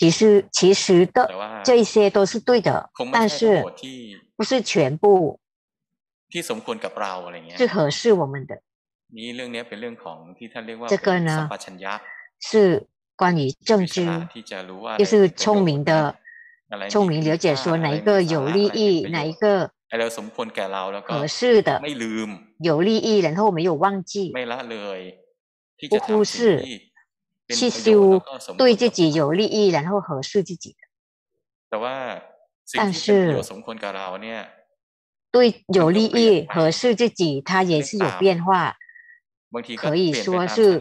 其實，其實的，這些都是對的，但是不是全部。最合適我們的。這個呢，是關於政治，就是聰明的，聰明了解說哪一個有利益，哪一個合適的。有利益，然後沒有忘記。不忽視。去修，對自己有利益，然後合適自己的。但係，但是對，有利益，合適自己，它也是有變化。可以說是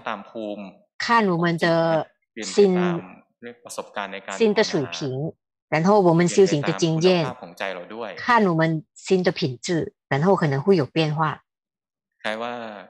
看我們的心，新的水平，然後我們修行的經驗，看我，看我們新的品質，然後可能會有變化。係啊。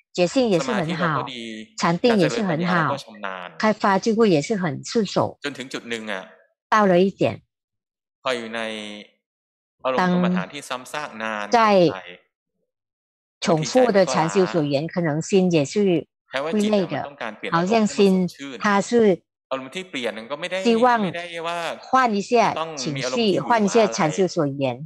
決心也是很好，禪定也是很好，開發智慧也是很順手。到了一點，當在重複的禪修所言，啊、可能心也是會累的。好像心它是希望換一下情緒，換一下禪修所言。